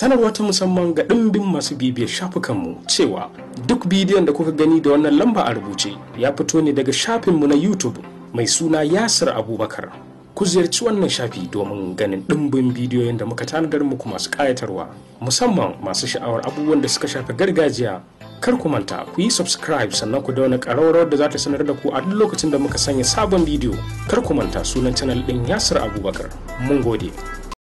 sanarwa ta musamman ga ɗimbin masu bibiyar shafukanmu cewa duk bidiyon da kuka gani da wannan lamba a rubuce ya fito ne daga shafinmu na youtube mai suna yasir abubakar ku ziyarci wannan shafi domin ganin ɗimbin bidiyoyin da muka tanadar muku masu ƙayatarwa musamman masu sha'awar abubuwan da suka shafi gargajiya kar ku manta ku yi subscribe sannan ku dauna ƙararrawar da za ta sanar da ku a duk lokacin da muka sanya sabon bidiyo kar ku manta sunan canal ɗin yasir abubakar mun gode